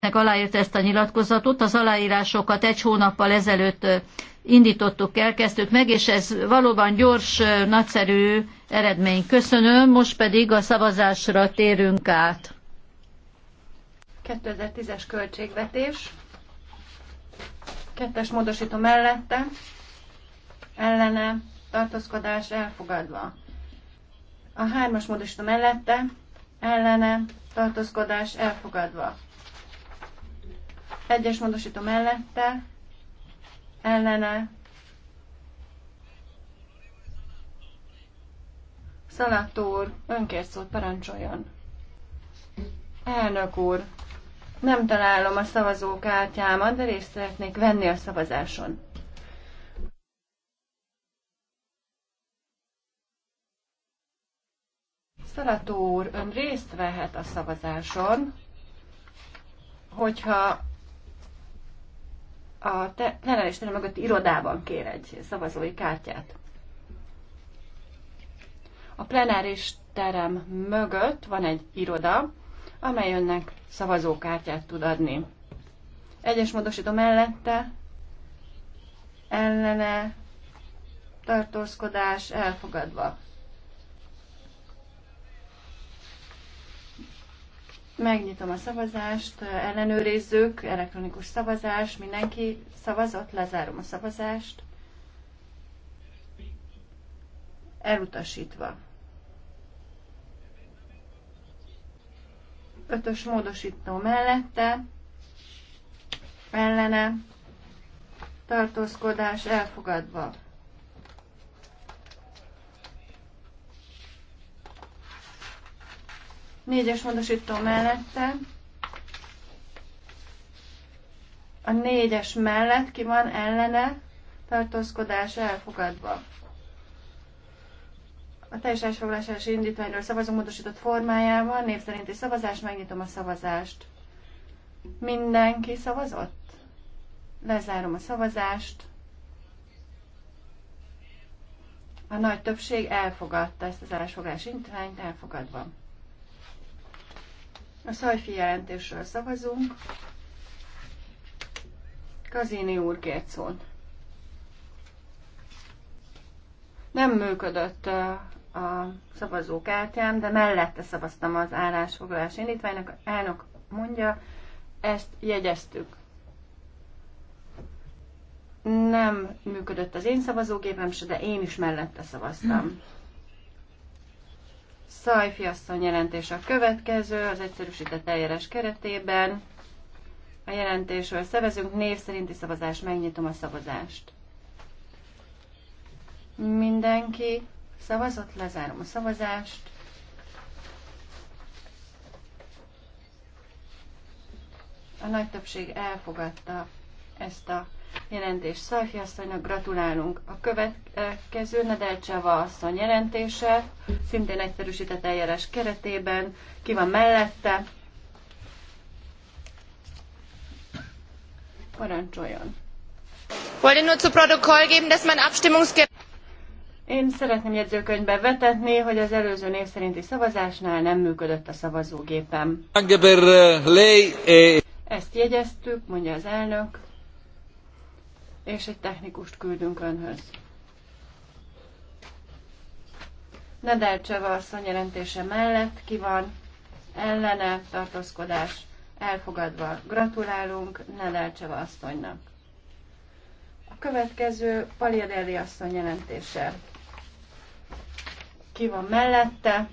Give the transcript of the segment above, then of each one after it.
aláírta ezt a nyilatkozatot. Az aláírásokat egy hónappal ezelőtt indítottuk el, meg, és ez valóban gyors, nagyszerű eredmény. Köszönöm, most pedig a szavazásra térünk át. 2010-es költségvetés. Kettes módosító mellette. Ellene tartózkodás elfogadva. A hármas módosító mellette. Ellene tartózkodás elfogadva egyes módosítom mellette, ellene. Szalátó önkért szót parancsoljon. Elnök úr, nem találom a szavazókártyámat, de részt szeretnék venni a szavazáson. Szarató ön részt vehet a szavazáson, hogyha a plenáris terem mögötti irodában kér egy szavazói kártyát. A plenáris terem mögött van egy iroda, amely önnek szavazókártyát tud adni. Egyes módosító mellette ellene tartózkodás elfogadva. Megnyitom a szavazást, ellenőrizzük, elektronikus szavazás, mindenki szavazott, lezárom a szavazást. Elutasítva. Ötös módosító mellette, ellene, tartózkodás elfogadva. Négyes módosító mellette. A négyes mellett ki van ellene tartózkodás elfogadva. A teljes elsfoglalásás indítványról szavazunk módosított formájában, név szerinti szavazás, megnyitom a szavazást. Mindenki szavazott? Lezárom a szavazást. A nagy többség elfogadta ezt az elsfoglalás indítványt, elfogadva. A Szajfi jelentésről szavazunk. Kazini úr kért szót. Nem működött a szavazókártyám, de mellette szavaztam az állásfoglalás indítványnak. Elnök mondja, ezt jegyeztük. Nem működött az én szavazógépem se, de én is mellette szavaztam. Szajfiasszony jelentése a következő, az egyszerűsített eljárás keretében. A jelentésről szevezünk, név szerinti szavazás, megnyitom a szavazást. Mindenki szavazott, lezárom a szavazást. A nagy többség elfogadta ezt a jelentés Szalfi asszonynak gratulálunk. A következő Csava asszony jelentése, szintén egyszerűsített eljárás keretében. Ki van mellette? Parancsoljon. Én szeretném jegyzőkönyvbe vetetni, hogy az előző név szerinti szavazásnál nem működött a szavazógépem. Eh, eh. Ezt jegyeztük, mondja az elnök és egy technikust küldünk önhöz. Nedel Cseva asszony jelentése mellett ki van, ellene, tartózkodás, elfogadva. Gratulálunk Nedel Cseva asszonynak. A következő Paliadeli asszony jelentése. Ki van mellette,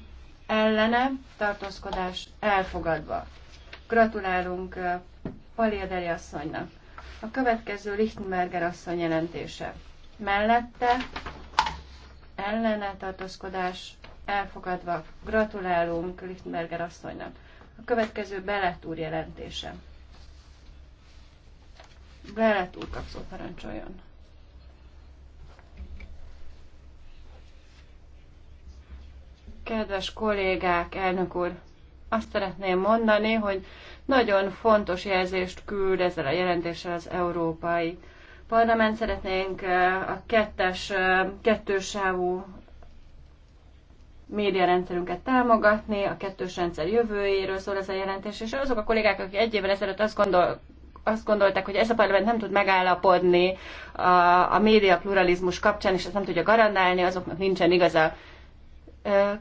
ellene, tartózkodás, elfogadva. Gratulálunk eh, Paliadeli asszonynak. A következő Lichtenberger asszony jelentése. Mellette ellene tartózkodás elfogadva. Gratulálunk Lichtenberger asszonynak. A következő Belet úr jelentése. Belet úr kapszó parancsoljon. Kedves kollégák, elnök úr! Azt szeretném mondani, hogy nagyon fontos jelzést küld ezzel a jelentéssel az Európai Parlament. Szeretnénk eh, a kettes, eh, kettősávú médiarendszerünket támogatni, a kettős rendszer jövőjéről szól ez a jelentés, és azok a kollégák, akik egy évvel ezelőtt azt gondol, azt gondolták, hogy ez a parlament nem tud megállapodni a, a média pluralizmus kapcsán, és ezt nem tudja garantálni, azoknak nincsen igaza.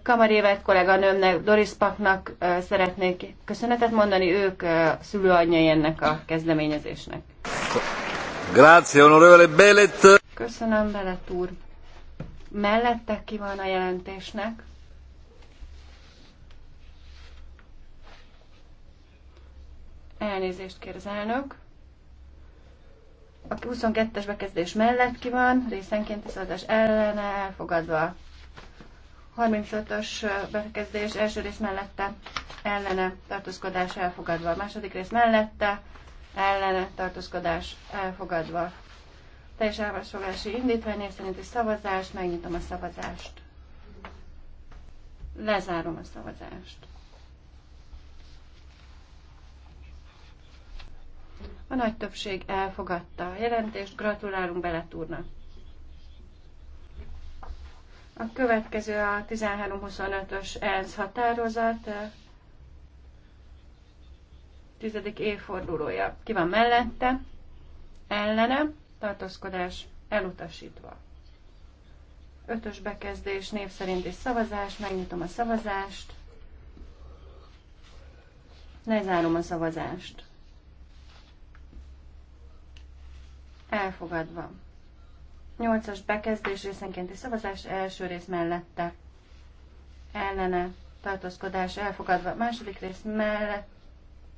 Kamarévet kolléganőmnek, Doris Paknak szeretnék köszönetet mondani, ők szülőanyjai ennek a kezdeményezésnek. Grazie, onorevole Belet. Köszönöm, Belet úr. Mellette ki van a jelentésnek? Elnézést kér az elnök. A 22-es bekezdés mellett ki van, részenként az adás ellene elfogadva. 35-ös bekezdés első rész mellette ellene tartózkodás elfogadva. A második rész mellette ellene tartózkodás elfogadva. Teljes elvásolási indítvány szerint szerinti szavazást, megnyitom a szavazást. Lezárom a szavazást. A nagy többség elfogadta a jelentést, gratulálunk Beletúrnak. A következő a 1325-ös ENSZ határozat, tizedik évfordulója. Ki van mellette? Ellene, tartózkodás elutasítva. Ötös bekezdés, név is szavazás, megnyitom a szavazást. Lezárom a szavazást. Elfogadva. Nyolcas bekezdés részenkénti szavazás első rész mellette. Ellene tartózkodás elfogadva. Második rész mellett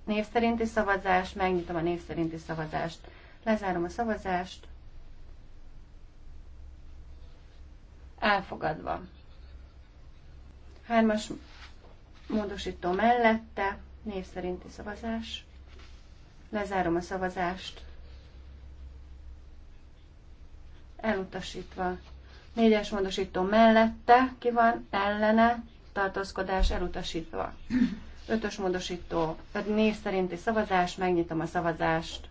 név szerinti szavazás. Megnyitom a név szerinti szavazást. Lezárom a szavazást. Elfogadva. Hármas módosító mellette. Név szerinti szavazás. Lezárom a szavazást. elutasítva. Négyes módosító mellette ki van, ellene, tartózkodás elutasítva. Ötös módosító, név szerinti szavazás, megnyitom a szavazást,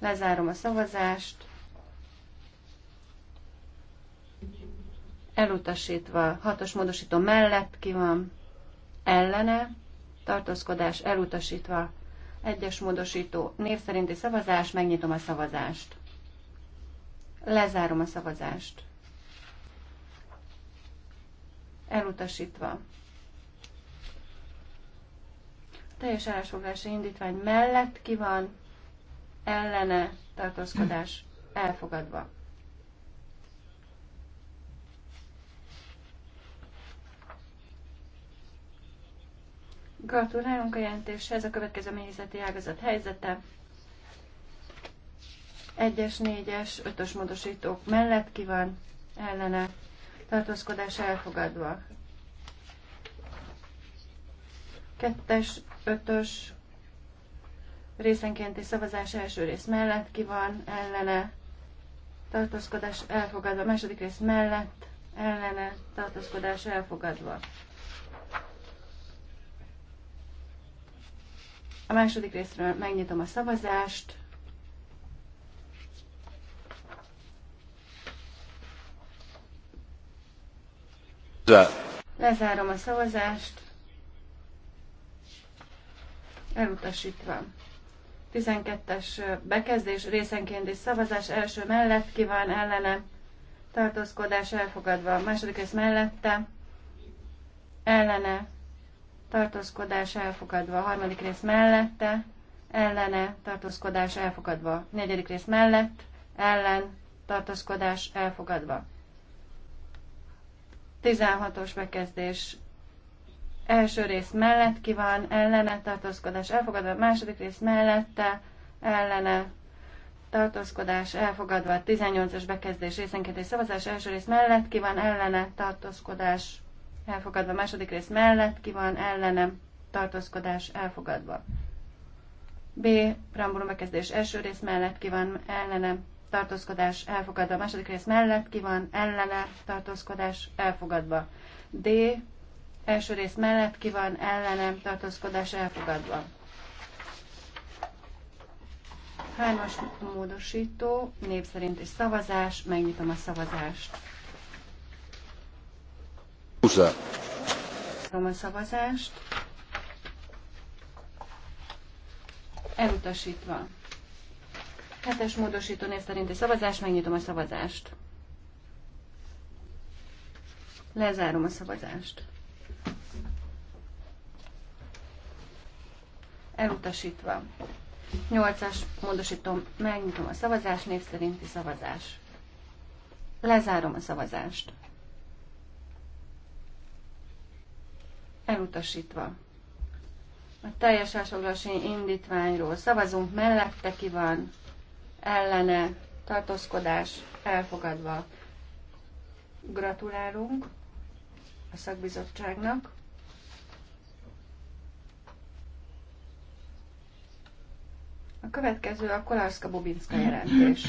lezárom a szavazást, elutasítva, hatos módosító mellett ki van, ellene, tartózkodás elutasítva, egyes módosító, név szerinti szavazás, megnyitom a szavazást. Lezárom a szavazást. Elutasítva. Teljes állásfoglási indítvány mellett ki van ellene tartózkodás elfogadva. Gratulálunk a jelentéshez a következő mélyzeti ágazat helyzete. 1-es, 4-es, 5-ös módosítók mellett ki van, ellene, tartózkodás elfogadva. 2-es, 5-ös, részenkénti szavazás első rész mellett ki van, ellene, tartózkodás elfogadva, második rész mellett, ellene, tartózkodás elfogadva. A második részről megnyitom a szavazást. Lezárom a szavazást. Elutasítva. 12-es bekezdés részenkénti szavazás első mellett kíván ellene tartózkodás elfogadva. Második rész mellette ellene tartózkodás elfogadva. Harmadik rész mellette ellene tartózkodás elfogadva. Negyedik rész mellett ellen tartózkodás elfogadva. 16-os bekezdés első rész mellett ki van, ellene tartózkodás elfogadva, a második rész mellette, ellene tartózkodás elfogadva, 18-as bekezdés részenkénti szavazás első rész mellett ki van, ellene tartózkodás elfogadva, a második rész mellett ki van, ellene tartózkodás elfogadva. B. Preambulum bekezdés első rész mellett ki van, ellene tartózkodás elfogadva. A második rész mellett ki van, ellene, tartózkodás elfogadva. D. Első rész mellett ki van, ellene, tartózkodás elfogadva. Hármas módosító, név szerint is szavazás, megnyitom a szavazást. 20. a szavazást. Elutasítva. Hetes módosító név szerinti szavazás, megnyitom a szavazást. Lezárom a szavazást. Elutasítva. nyolcas as módosítom, megnyitom a szavazás, név szerinti szavazás. Lezárom a szavazást. Elutasítva. A teljes állásfoglalási indítványról szavazunk, mellette ki van, ellene tartózkodás elfogadva. Gratulálunk a szakbizottságnak. A következő a Kolárszka-Bobinska jelentés.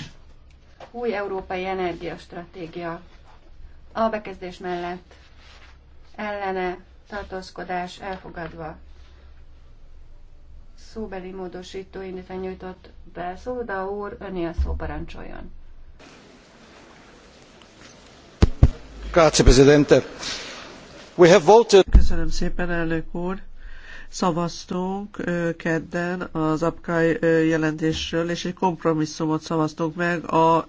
Új európai energiastratégia. A bekezdés mellett ellene tartózkodás elfogadva szóbeli módosító indítvány nyújtott be. Szóda úr, öné a szó parancsoljon. We have voted... Köszönöm szépen, elnök úr szavaztunk kedden az APKAI jelentésről, és egy kompromisszumot szavaztunk meg a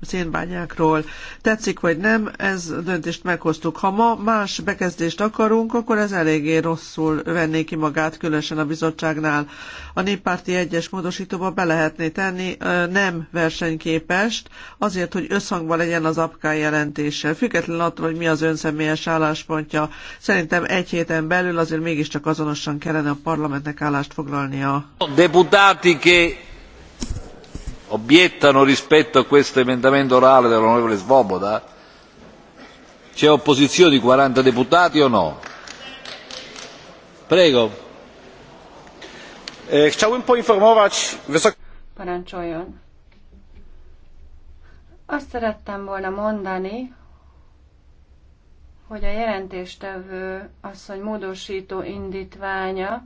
szénbányákról. Tetszik vagy nem, ez döntést meghoztuk. Ha ma más bekezdést akarunk, akkor ez eléggé rosszul venné ki magát, különösen a bizottságnál. A néppárti egyes módosítóba be lehetné tenni nem versenyképest, azért, hogy összhangban legyen az APKAI jelentéssel. Függetlenül attól, hogy mi az ön személyes álláspontja, szerintem egy héten belül azért mégiscsak csak azonosan kellene a parlamentnek állást foglalnia. A Deputati che obiettano rispetto a questo emendamento orale dell'onorevole Svoboda, c'è opposizione di 40 deputati o no? Prego. Eh, chciałbym poinformować wysoką... Parancsoljon. Azt szerettem volna mondani, hogy a jelentéstevő asszony módosító indítványa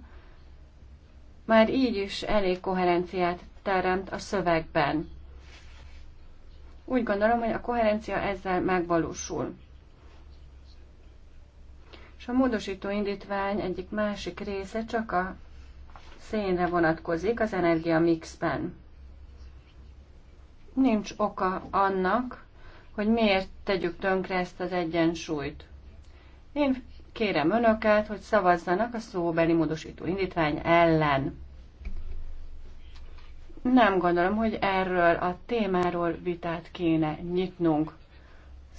már így is elég koherenciát teremt a szövegben. Úgy gondolom, hogy a koherencia ezzel megvalósul. És a módosító indítvány egyik másik része csak a szénre vonatkozik az energia mixben. Nincs oka annak, hogy miért tegyük tönkre ezt az egyensúlyt. Én kérem önöket, hogy szavazzanak a szóbeli módosító indítvány ellen. Nem gondolom, hogy erről a témáról vitát kéne nyitnunk.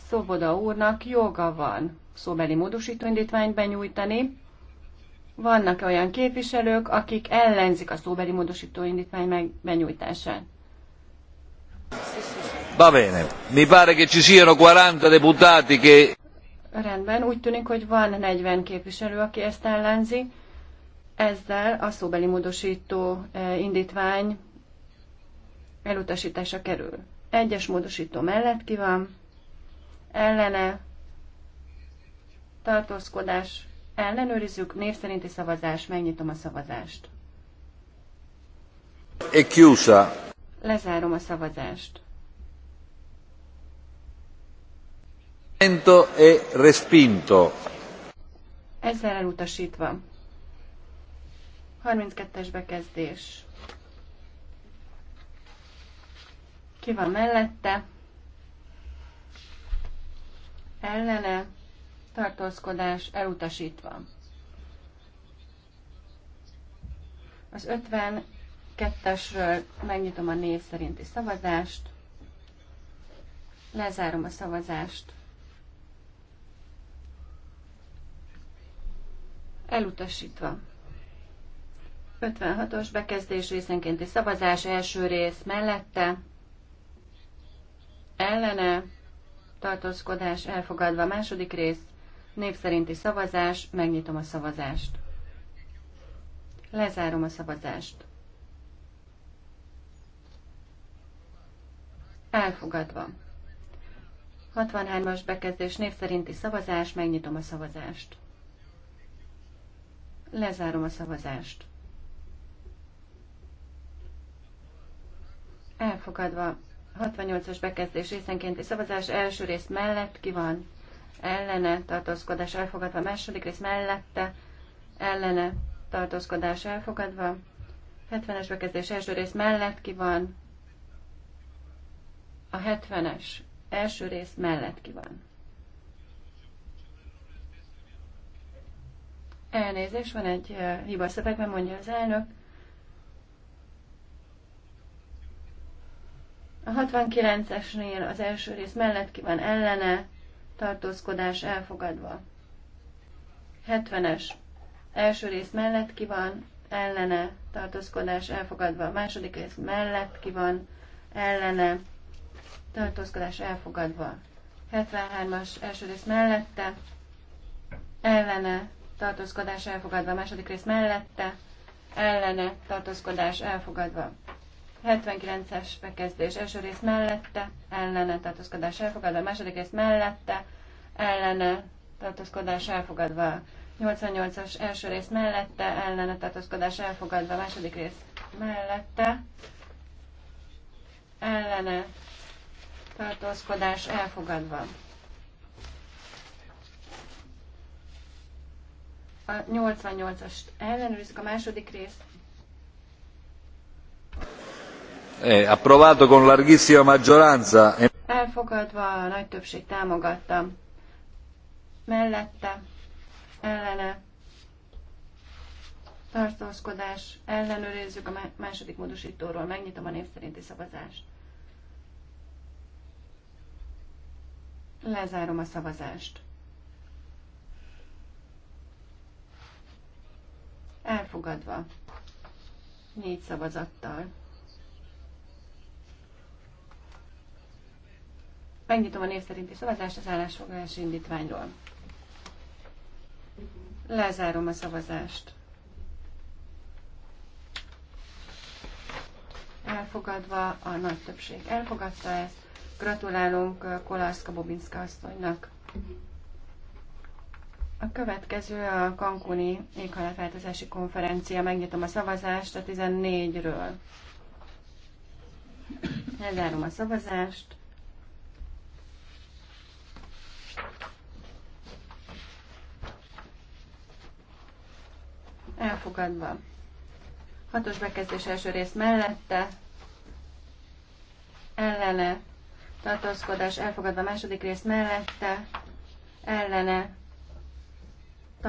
Szoboda úrnak joga van szóbeli módosító indítványt benyújtani. Vannak -e olyan képviselők, akik ellenzik a szóbeli módosító indítvány benyújtását. Va bene, mi pare che ci siano 40 deputati che... Rendben, úgy tűnik, hogy van 40 képviselő, aki ezt ellenzi. Ezzel a szóbeli módosító e, indítvány elutasítása kerül. Egyes módosító mellett ki van, ellene, tartózkodás, ellenőrizzük, név szerinti szavazás, megnyitom a szavazást. E chiusa. Lezárom a szavazást. Ezzel elutasítva. 32-es bekezdés. Ki van mellette? Ellene. Tartózkodás elutasítva. Az 52-esről megnyitom a név szerinti szavazást. Lezárom a szavazást. elutasítva. 56-os bekezdés részenkénti szavazás első rész mellette, ellene, tartózkodás elfogadva második rész, Népszerinti szavazás, megnyitom a szavazást. Lezárom a szavazást. Elfogadva. 63-as bekezdés név szavazás, megnyitom a szavazást. Lezárom a szavazást. Elfogadva 68-as bekezdés részenkénti szavazás első rész mellett ki van ellene tartózkodás elfogadva, második rész mellette ellene tartózkodás elfogadva, 70-es bekezdés első rész mellett ki van, a 70-es első rész mellett ki van. Elnézés, van egy hiba szöveg, szövegben, mondja az elnök. A 69-esnél az első rész mellett ki van ellene, tartózkodás elfogadva. 70-es. Első rész mellett ki van, ellene, tartózkodás elfogadva. Második rész mellett ki van, ellene, tartózkodás elfogadva. 73-as első rész mellette, ellene, tartózkodás elfogadva, második rész mellette, ellene, tartózkodás elfogadva. 79-es bekezdés, első rész mellette, ellene, tartózkodás elfogadva, második rész mellette, ellene, tartózkodás elfogadva. 88-as első rész mellette, ellene, tartózkodás elfogadva, második rész mellette, ellene, tartózkodás elfogadva. A 88-ast ellenőrizzük a második részt. Eh, approvato con larghissima maggioranza. Elfogadva a nagy többség támogatta. Mellette, ellene, tartózkodás, ellenőrizzük a második módosítóról, megnyitom a név szerinti szavazást. Lezárom a szavazást. Elfogadva. Négy szavazattal. Megnyitom a név szerinti szavazást az állásfoglalási indítványról. Lezárom a szavazást. Elfogadva, a nagy többség elfogadta ezt. Gratulálunk Kolaszka Bobinska asszonynak. A következő a Cancuni éghajlatváltozási konferencia. Megnyitom a szavazást a 14-ről. Elzárom a szavazást. Elfogadva. Hatos bekezdés első rész mellette, ellene, tartózkodás elfogadva második rész mellette, ellene,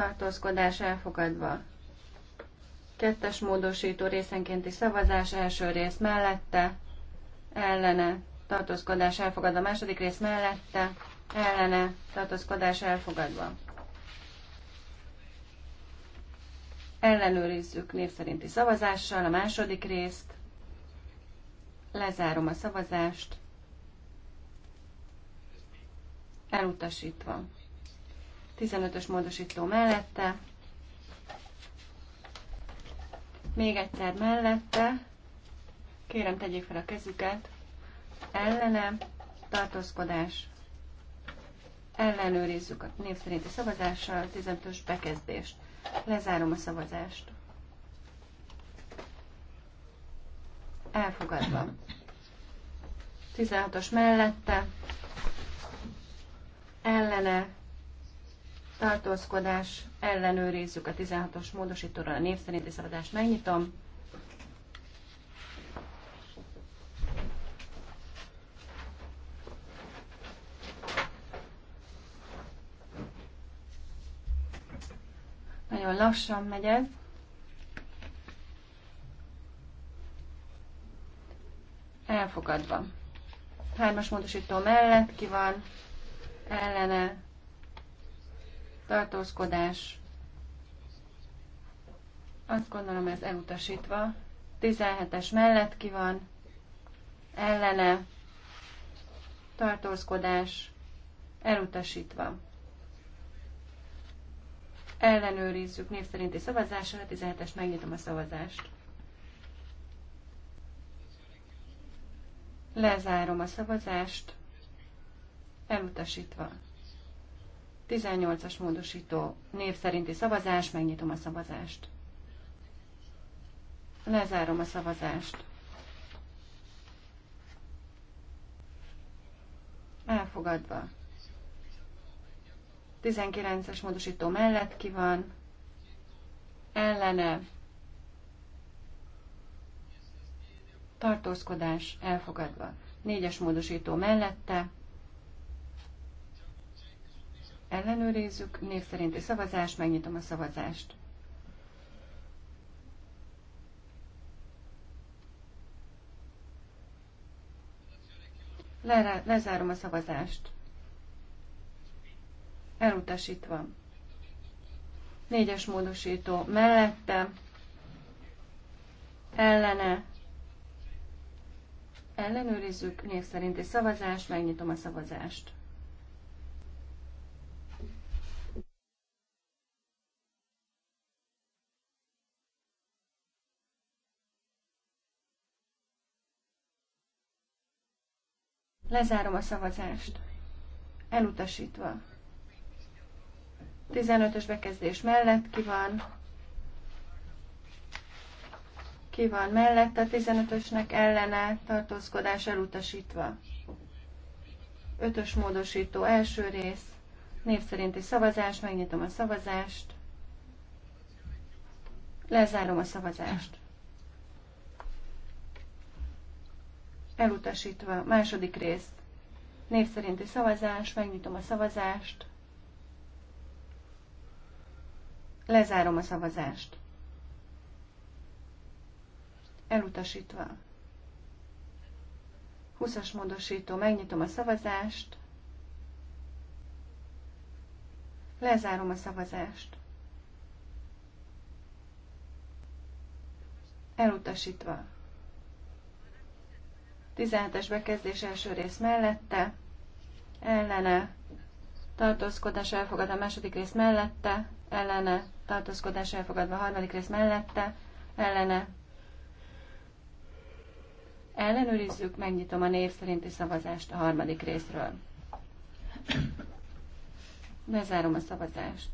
tartózkodás elfogadva. Kettes módosító részenkénti szavazás első rész mellette, ellene, tartózkodás elfogadva. Második rész mellette, ellene, tartózkodás elfogadva. Ellenőrizzük név szerinti szavazással a második részt. Lezárom a szavazást. Elutasítva. 15-ös módosító mellette, még egyszer mellette, kérem tegyék fel a kezüket, ellene, tartózkodás, ellenőrizzük a név szerinti szavazással, 15-ös bekezdést. Lezárom a szavazást. Elfogadva. 16-os mellette, ellene, tartózkodás, ellenőrizzük a 16-os módosítóról a név szerinti szavazást. Megnyitom. Nagyon lassan megy ez. Elfogadva. Hármas módosító mellett ki van, ellene tartózkodás. Azt gondolom ez elutasítva. 17-es mellett ki van, ellene, tartózkodás, elutasítva. Ellenőrizzük név szerinti szavazással, 17-es megnyitom a szavazást. Lezárom a szavazást, elutasítva. 18-as módosító név szerinti szavazás, megnyitom a szavazást. Lezárom a szavazást. Elfogadva. 19-es módosító mellett ki van, ellene, tartózkodás elfogadva. 4-es módosító mellette, ellenőrizzük, név szerinti szavazás, megnyitom a szavazást. Le, lezárom a szavazást. Elutasítva. Négyes módosító mellette, ellene, ellenőrizzük, név szerinti szavazás, megnyitom a szavazást. Lezárom a szavazást. Elutasítva. 15-ös bekezdés mellett ki van. Ki van mellett a 15-ösnek ellene tartózkodás elutasítva. 5-ös módosító első rész. Név szerinti szavazás. Megnyitom a szavazást. Lezárom a szavazást. elutasítva. Második rész, név szerinti szavazás, megnyitom a szavazást, lezárom a szavazást. Elutasítva. 20-as módosító, megnyitom a szavazást, lezárom a szavazást. Elutasítva. 17-es bekezdés első rész mellette, ellene, tartózkodás elfogadva a második rész mellette, ellene, tartózkodás elfogadva a harmadik rész mellette, ellene. Ellenőrizzük, megnyitom a név szerinti szavazást a harmadik részről. Bezárom a szavazást.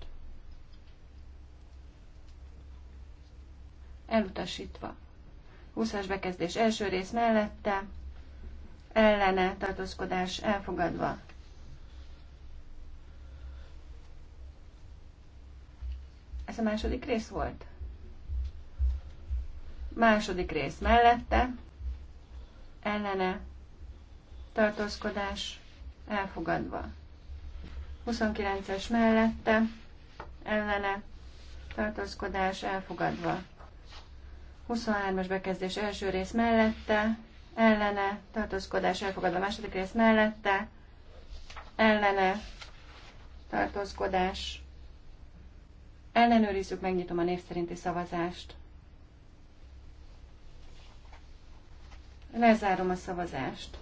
Elutasítva. 20-as bekezdés első rész mellette, ellene tartózkodás elfogadva. Ez a második rész volt? Második rész mellette, ellene, tartózkodás, elfogadva. 29-es mellette, ellene, tartózkodás, elfogadva. 23-as bekezdés első rész mellette, ellene, tartózkodás elfogadva második rész mellette, ellene, tartózkodás. Ellenőrizzük, megnyitom a név szerinti szavazást. Lezárom a szavazást.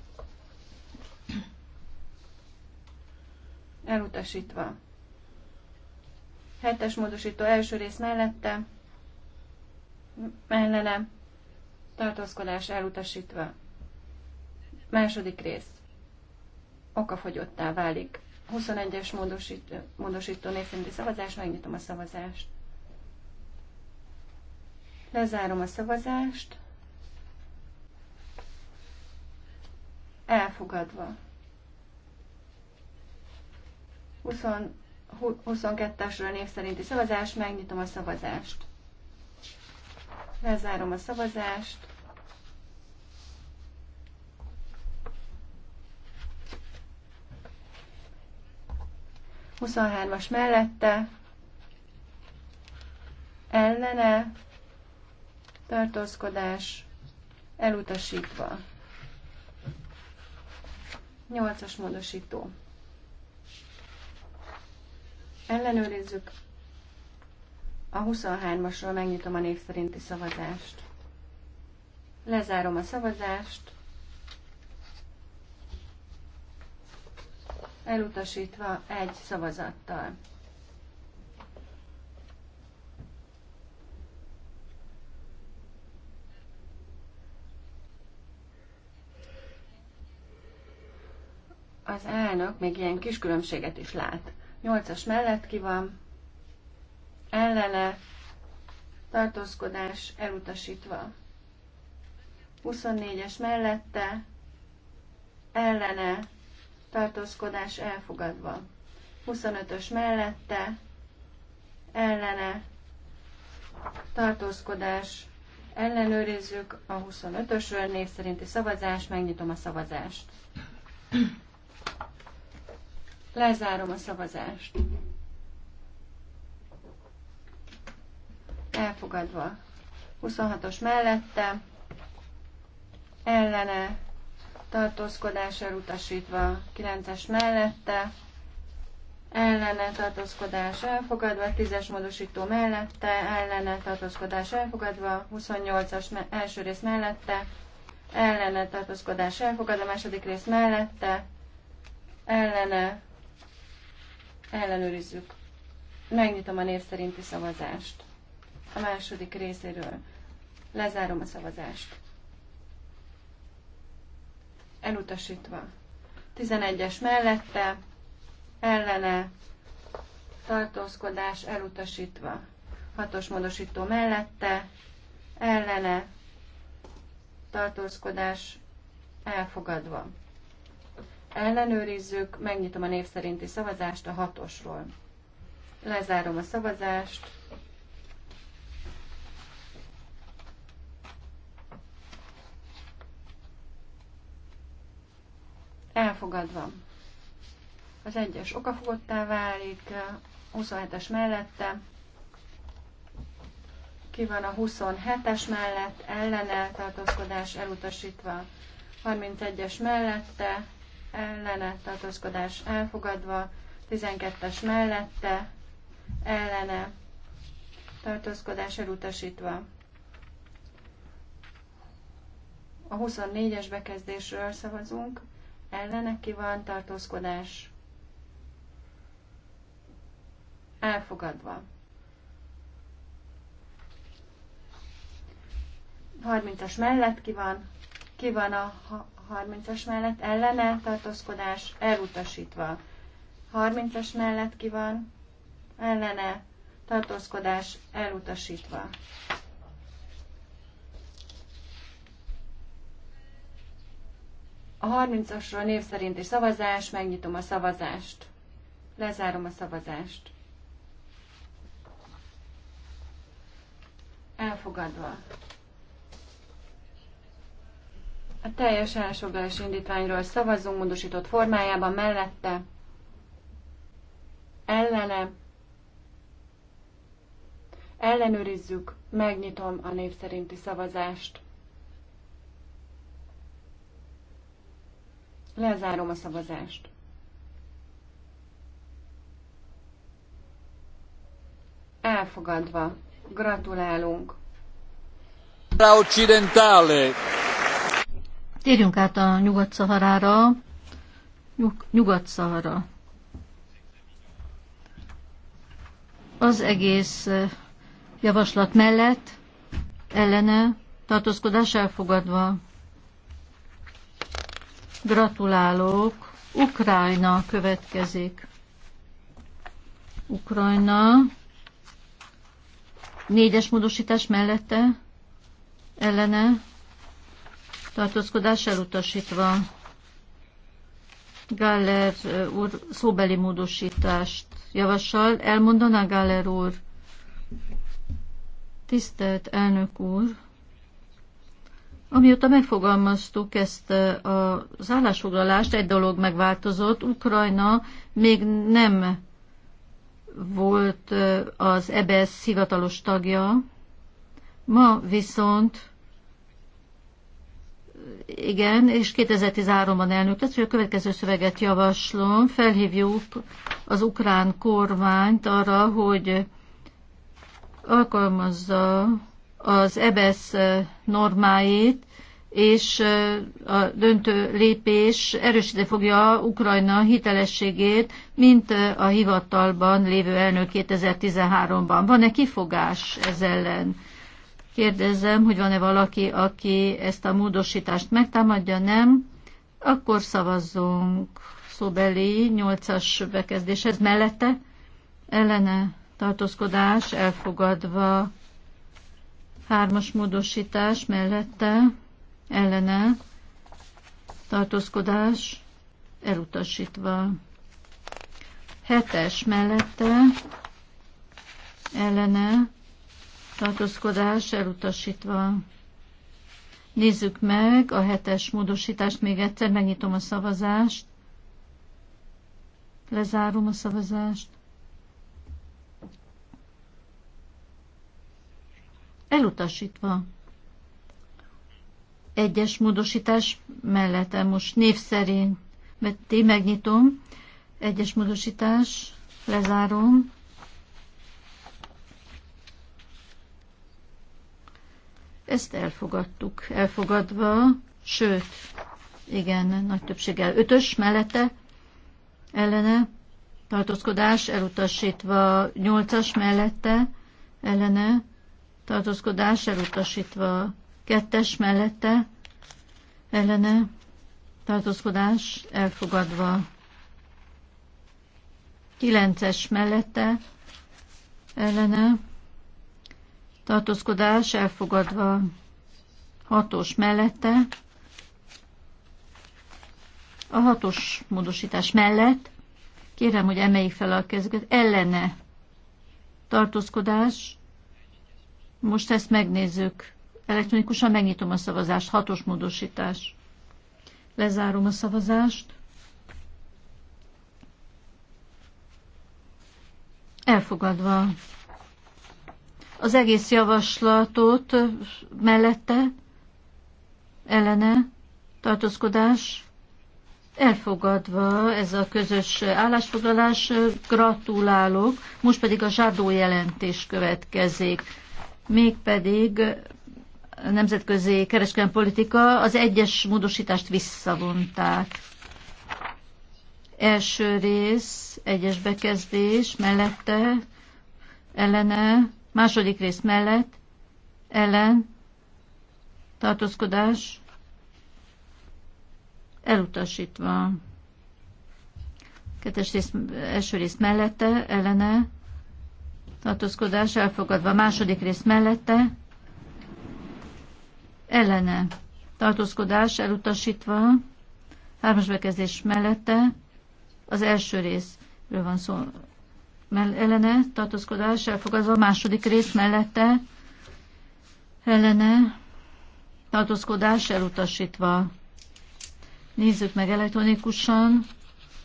Elutasítva. Hetes módosító első rész mellette, ellene, tartózkodás elutasítva. Második rész. Okafogyottá válik. 21-es módosító, módosító népszerinti szavazás, megnyitom a szavazást. Lezárom a szavazást. Elfogadva. 22-esről név szerinti szavazás, megnyitom a szavazást. Lezárom a szavazást. 23-as mellette, ellene, tartózkodás, elutasítva. 8-as módosító. Ellenőrizzük. A 23-asról megnyitom a név szerinti szavazást. Lezárom a szavazást. elutasítva egy szavazattal. Az elnök még ilyen kis különbséget is lát. Nyolcas mellett ki van, ellene, tartózkodás elutasítva. 24-es mellette, ellene, tartózkodás elfogadva. 25-ös mellette, ellene, tartózkodás, ellenőrizzük a 25-ösről név szerinti szavazást, megnyitom a szavazást. Lezárom a szavazást. Elfogadva. 26-os mellette, ellene, tartózkodás utasítva 9-es mellette, ellene tartózkodás elfogadva, 10-es módosító mellette, ellene tartózkodás elfogadva, 28-as első rész mellette, ellene tartózkodás elfogadva, második rész mellette, ellene ellenőrizzük. Megnyitom a név szerinti szavazást a második részéről. Lezárom a szavazást elutasítva. 11-es mellette, ellene, tartózkodás elutasítva. 6-os módosító mellette, ellene, tartózkodás elfogadva. Ellenőrizzük, megnyitom a név szerinti szavazást a hatosról. Lezárom a szavazást, elfogadva. Az egyes okafogottá válik, 27-es mellette, ki van a 27-es mellett, ellene tartózkodás elutasítva, 31-es mellette, ellene tartózkodás elfogadva, 12-es mellette, ellene tartózkodás elutasítva. A 24-es bekezdésről szavazunk ellene ki van tartózkodás elfogadva. 30-as mellett ki van, ki van a 30-as mellett ellene tartózkodás elutasítva. 30-as mellett ki van ellene tartózkodás elutasítva. A 30 asra név szerint is szavazás, megnyitom a szavazást. Lezárom a szavazást. Elfogadva. A teljes elsoglás indítványról szavazunk módosított formájában mellette, ellene, ellenőrizzük, megnyitom a név szerinti szavazást. Lezárom a szavazást. Elfogadva. Gratulálunk. Térjünk át a Nyugat-Szaharára. Nyugat-Szahara. Az egész javaslat mellett ellene tartózkodás elfogadva. Gratulálok. Ukrajna következik. Ukrajna. Négyes módosítás mellette. Ellene. Tartózkodás elutasítva. Galler uh, úr szóbeli módosítást javasol. Elmondaná Galler úr? Tisztelt elnök úr! Amióta megfogalmaztuk ezt e, az állásfoglalást, egy dolog megváltozott. Ukrajna még nem volt e, az EBS hivatalos tagja. Ma viszont igen, és 2013-ban elnök lesz, hogy a következő szöveget javaslom. Felhívjuk az ukrán kormányt arra, hogy alkalmazza az EBSZ e normáit, és a döntő lépés erősíteni fogja Ukrajna hitelességét, mint a hivatalban lévő elnök 2013-ban. Van-e kifogás ez ellen? Kérdezem, hogy van-e valaki, aki ezt a módosítást megtámadja, nem? Akkor szavazzunk szóbeli 8-as bekezdéshez mellette. Ellene tartózkodás elfogadva Hármas módosítás mellette ellene tartózkodás elutasítva. Hetes mellette ellene tartózkodás elutasítva. Nézzük meg a hetes módosítást még egyszer, megnyitom a szavazást, lezárom a szavazást. elutasítva. Egyes módosítás mellett, eh, most név szerint, mert én megnyitom, egyes módosítás, lezárom. Ezt elfogadtuk, elfogadva, sőt, igen, nagy többséggel ötös mellette, ellene, tartózkodás, elutasítva nyolcas mellette, ellene, tartózkodás elutasítva. Kettes mellette ellene tartózkodás elfogadva. Kilences mellette ellene tartózkodás elfogadva. Hatos mellette a hatos módosítás mellett kérem, hogy emeljék fel a kezüket, ellene tartózkodás most ezt megnézzük. Elektronikusan megnyitom a szavazást. Hatos módosítás. Lezárom a szavazást. Elfogadva. Az egész javaslatot mellette ellene tartózkodás elfogadva ez a közös állásfoglalás. Gratulálok. Most pedig a zsádó jelentés következik mégpedig nemzetközi kereskedelmi politika, az egyes módosítást visszavonták. Első rész, egyes bekezdés, mellette, ellene, második rész mellett, ellen, tartózkodás, elutasítva. Kettes rész, első rész mellette, ellene, tartózkodás elfogadva. Második rész mellette ellene tartózkodás elutasítva. Hármas bekezdés mellette az első részről van szó. Ellene tartózkodás elfogadva. Második rész mellette ellene tartózkodás elutasítva. Nézzük meg elektronikusan.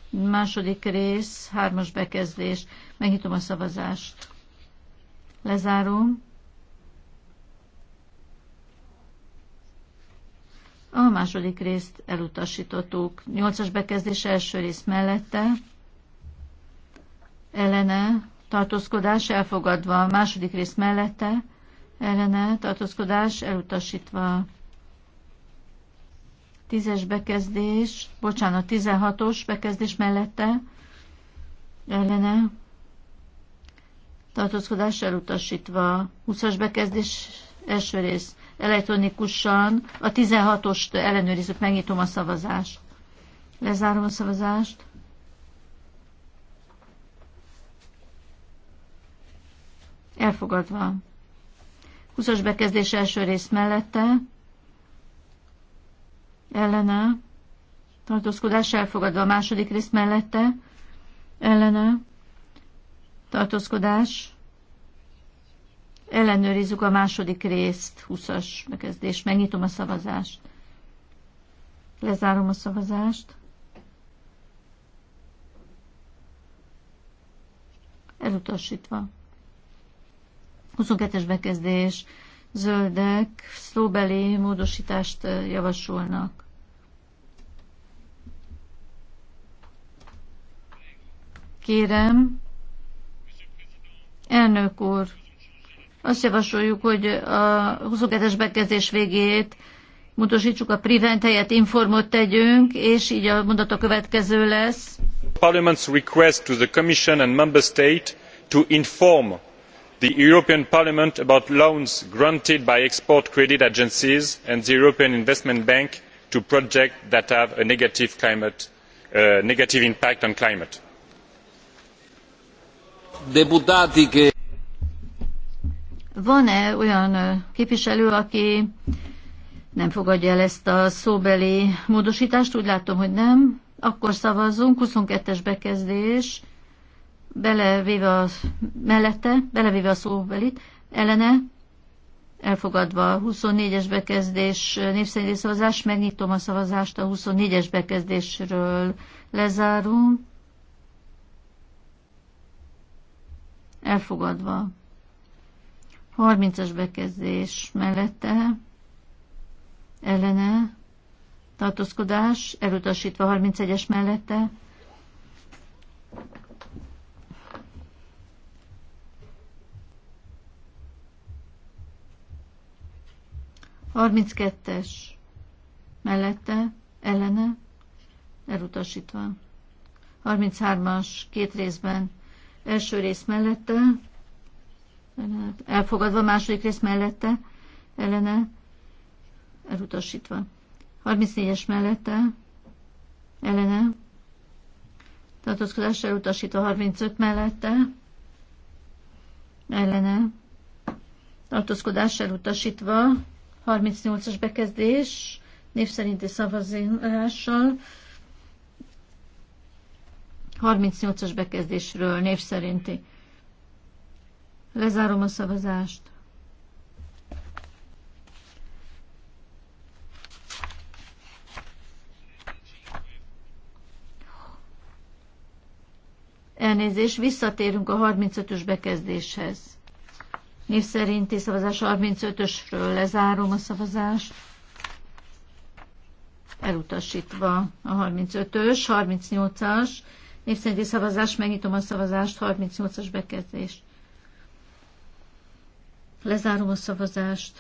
Második rész, hármas bekezdés. Megnyitom a szavazást. Lezárom. A második részt elutasítottuk. Nyolcas bekezdés első rész mellette. Ellene tartózkodás elfogadva. A második rész mellette. Ellene tartózkodás elutasítva. Tízes bekezdés, bocsánat, tizenhatos bekezdés mellette. Ellene tartózkodás elutasítva. 20-as bekezdés első rész elektronikusan. A 16-ost ellenőrizzük, megnyitom a szavazást. Lezárom a szavazást. Elfogadva. 20-as bekezdés első rész mellette. Ellene. Tartózkodás elfogadva a második rész mellette. Ellene tartózkodás. Ellenőrizzük a második részt, 20-as bekezdés. Megnyitom a szavazást. Lezárom a szavazást. Elutasítva. 22-es bekezdés. Zöldek szóbeli módosítást javasolnak. Kérem, Elnök úr, azt javasoljuk, hogy a 22-es bekezdés végét módosítsuk a prevent helyett informot tegyünk, és így a mondat a következő lesz. Parliament's request to the Commission and Member State to inform the European Parliament about loans granted by export credit agencies and the European Investment Bank to projects that have a negative, climate, uh, negative impact on climate van-e olyan képviselő, aki nem fogadja el ezt a szóbeli módosítást? Úgy látom, hogy nem. Akkor szavazzunk. 22-es bekezdés. Belevéve a mellette, belevéve a szóbelit. Ellene elfogadva. 24-es bekezdés népszerinti szavazás. Megnyitom a szavazást a 24-es bekezdésről. Lezárunk. elfogadva. 30-as bekezdés mellette ellene tartózkodás, elutasítva 31-es mellette. harminc kettes mellette, ellene, elutasítva. harminc hármas, két részben, Első rész mellette, elfogadva, a második rész mellette, ellene, elutasítva. 34-es mellette, ellene, tartózkodás elutasítva, 35 mellette, ellene, tartózkodás elutasítva, 38-as bekezdés, név szerinti szavazással, 38-as bekezdésről név szerinti. Lezárom a szavazást. Elnézés, visszatérünk a 35-ös bekezdéshez. Név szerinti szavazás 35-ösről lezárom a szavazást. Elutasítva a 35-ös, 38-as. Név szavazás, megnyitom a szavazást, 38-as bekezdés. Lezárom a szavazást.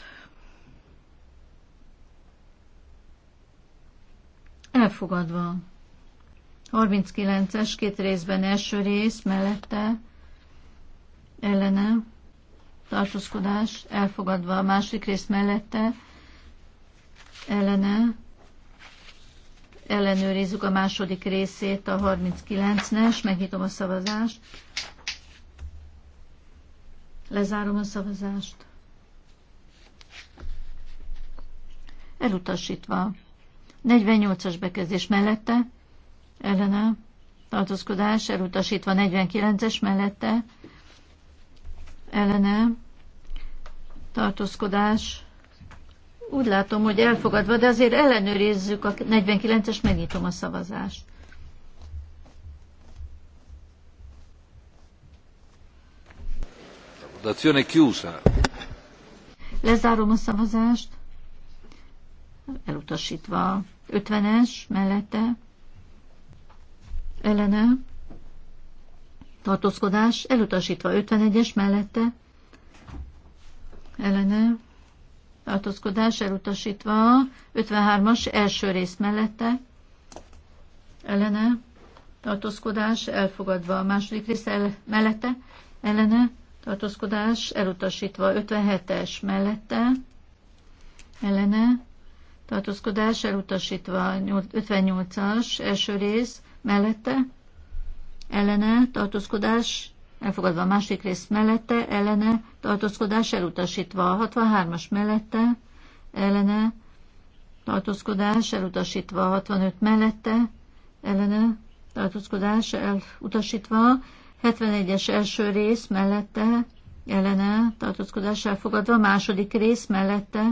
Elfogadva. 39-es, két részben első rész, mellette, ellene, tartózkodás, elfogadva a másik rész mellette, ellene, ellenőrizzük a második részét a 39-es, megnyitom a szavazást. Lezárom a szavazást. Elutasítva. 48-as bekezdés mellette, ellene, tartózkodás, elutasítva 49-es mellette, ellene, tartózkodás, úgy látom, hogy elfogadva, de azért ellenőrizzük a 49-es, megnyitom a szavazást. Votazione chiusa. Lezárom a szavazást. Elutasítva. 50-es mellette. Ellene. Tartózkodás. Elutasítva. 51-es mellette. Ellene tartózkodás elutasítva, 53-as első rész mellette, ellene, tartózkodás elfogadva, a második rész el, mellette, ellene, tartózkodás elutasítva, 57-es mellette, ellene, tartózkodás elutasítva, 58-as első rész mellette, ellene, tartózkodás elfogadva a másik rész mellette, ellene, tartózkodás elutasítva a 63-as mellette, ellene, tartózkodás elutasítva a 65 mellette, ellene, tartózkodás elutasítva, 71-es első rész mellette, ellene, tartózkodás elfogadva, második rész mellette,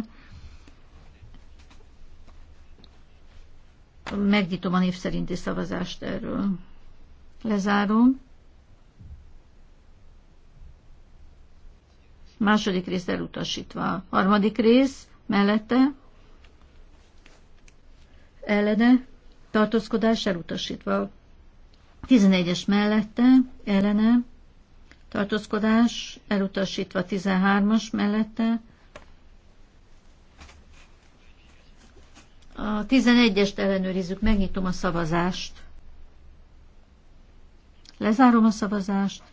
megnyitom a név szerinti szavazást erről. Lezárom. második rész elutasítva. Harmadik rész mellette ellene tartózkodás elutasítva. 11-es mellette ellene tartózkodás elutasítva. 13-as mellette A 11-est ellenőrizzük, megnyitom a szavazást. Lezárom a szavazást.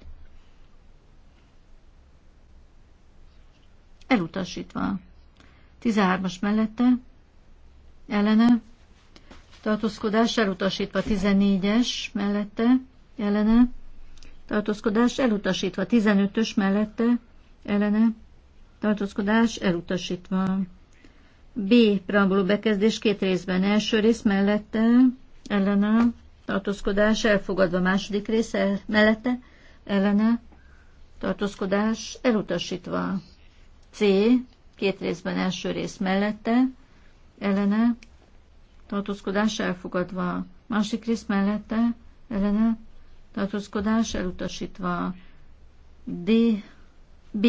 elutasítva. 13-as mellette, ellene, tartózkodás elutasítva. 14-es mellette, ellene, tartózkodás elutasítva. 15-ös mellette, ellene, tartózkodás elutasítva. B. Preambuló bekezdés két részben. Első rész mellette, ellene, tartózkodás elfogadva. Második rész mellette, ellene, tartózkodás elutasítva. C, két részben első rész mellette, ellene, tartózkodás elfogadva, másik rész mellette, ellene, tartózkodás elutasítva, D, B,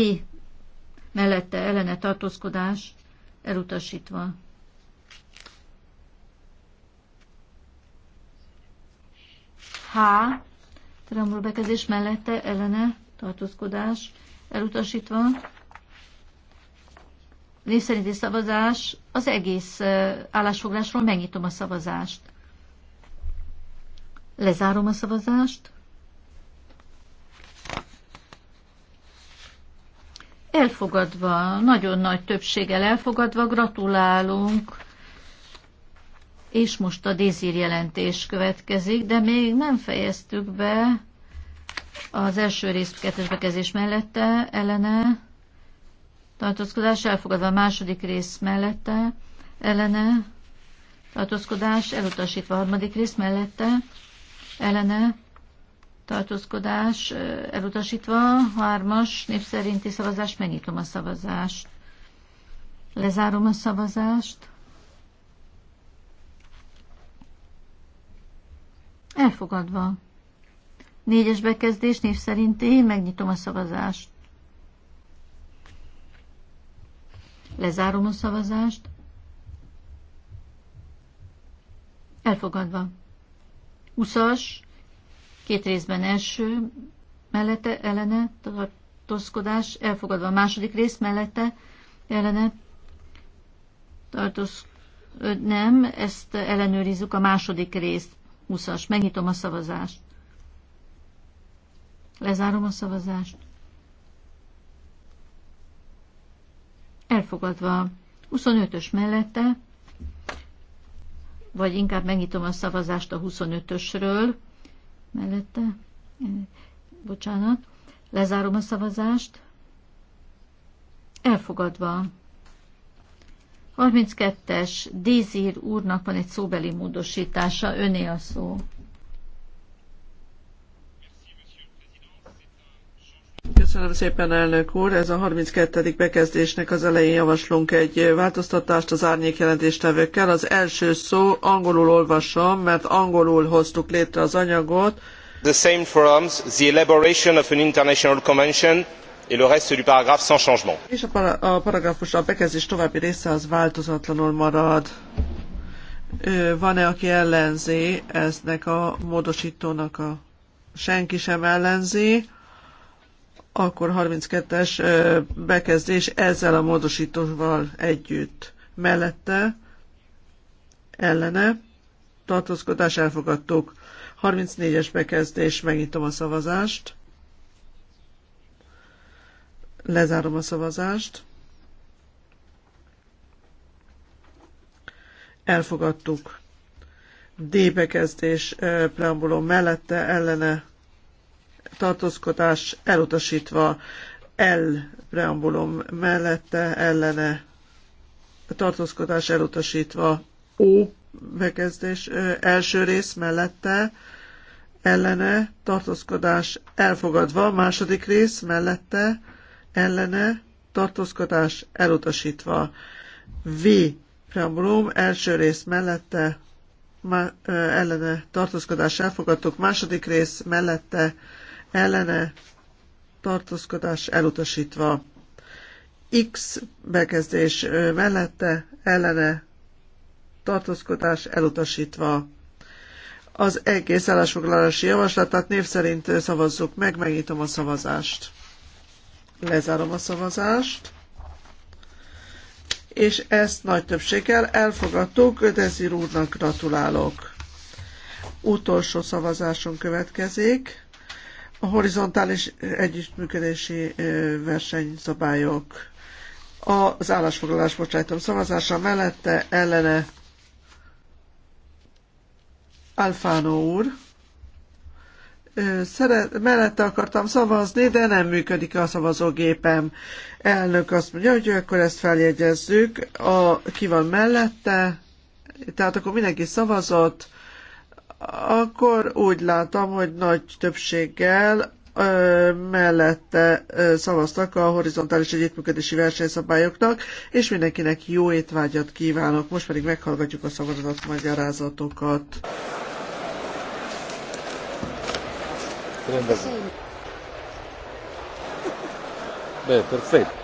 mellette, ellene, tartózkodás elutasítva. H, teremúr bekezés mellette, ellene, tartózkodás elutasítva, Népszerinti szavazás, az egész állásfoglásról megnyitom a szavazást. Lezárom a szavazást. Elfogadva, nagyon nagy többséggel elfogadva, gratulálunk. És most a Dézír jelentés következik, de még nem fejeztük be az első részt kettes bekezés mellette, Elene tartózkodás elfogadva a második rész mellette, ellene, tartózkodás elutasítva a harmadik rész mellette, ellene, tartózkodás elutasítva, hármas népszerinti szavazás, megnyitom a szavazást. Lezárom a szavazást. Elfogadva. Négyes bekezdés név szerinti, megnyitom a szavazást. Lezárom a szavazást. Elfogadva. 20-as, két részben első, mellette, ellene, tartózkodás, elfogadva. A második rész mellette, ellene, tartózkodás. Nem, ezt ellenőrizzük a második részt. 20-as. Megnyitom a szavazást. Lezárom a szavazást. elfogadva 25-ös mellette, vagy inkább megnyitom a szavazást a 25-ösről mellette, bocsánat, lezárom a szavazást, elfogadva 32-es Dézír úrnak van egy szóbeli módosítása, öné a szó. Köszönöm szépen, elnök úr. Ez a 32. bekezdésnek az elején javaslunk egy változtatást az árnyék jelentéstevőkkel. Az első szó angolul olvasom, mert angolul hoztuk létre az anyagot. The same forums, the elaboration of an international convention et le reste du paragraphe sans changement. És a, para a paragrafus a bekezdés további része az változatlanul marad. Van-e, aki ellenzi eznek a módosítónak a senki sem ellenzi akkor 32-es bekezdés ezzel a módosítóval együtt. Mellette ellene tartózkodás elfogadtuk. 34-es bekezdés, megnyitom a szavazást. Lezárom a szavazást. Elfogadtuk. D bekezdés preambulum mellette ellene tartózkodás elutasítva L preambulum mellette ellene tartózkodás elutasítva O bekezdés első rész mellette ellene tartózkodás elfogadva, második rész mellette ellene tartózkodás elutasítva. V. Preambulum első rész mellette má, ö, ellene tartózkodás elfogadtuk, második rész mellette ellene tartózkodás elutasítva. X bekezdés mellette ellene tartózkodás elutasítva. Az egész állásfoglalási javaslatát név szerint szavazzuk meg, megnyitom a szavazást. Lezárom a szavazást. És ezt nagy többséggel elfogadtuk, Dezir úrnak gratulálok. Utolsó szavazáson következik. A horizontális együttműködési versenyszabályok. Az állásfoglalás, bocsájtom, szavazása mellette ellene Alfano úr. Szeret, mellette akartam szavazni, de nem működik a szavazógépem. Elnök azt mondja, hogy akkor ezt feljegyezzük. A, ki van mellette? Tehát akkor mindenki szavazott akkor úgy látom, hogy nagy többséggel ö, mellette ö, szavaztak a horizontális együttműködési versenyszabályoknak, és mindenkinek jó étvágyat kívánok. Most pedig meghallgatjuk a szavazat magyarázatokat. Rendben. Beh, perfetto.